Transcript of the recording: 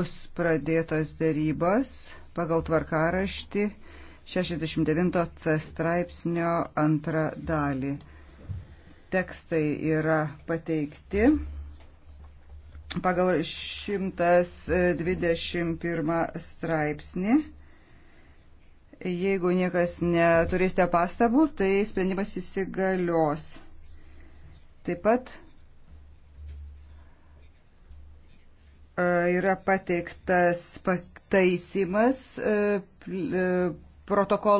bus pradėtos dėrybos pagal tvarkaraštį 69c straipsnio antrą dalį. Tekstai yra pateikti pagal 121 straipsnį. Jeigu niekas neturėsite pastabų, tai sprendimas įsigalios. Taip pat yra pateiktas pataisimas protokolo